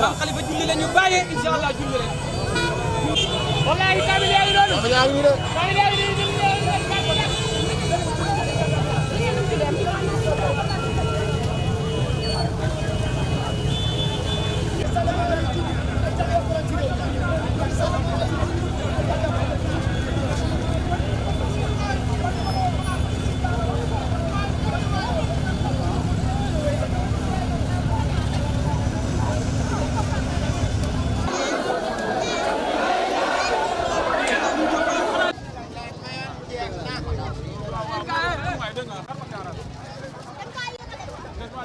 maam Khalifa julli la ñu bàyyee incha allah julli leen. wallaahi kaamil yaa ngi noonu.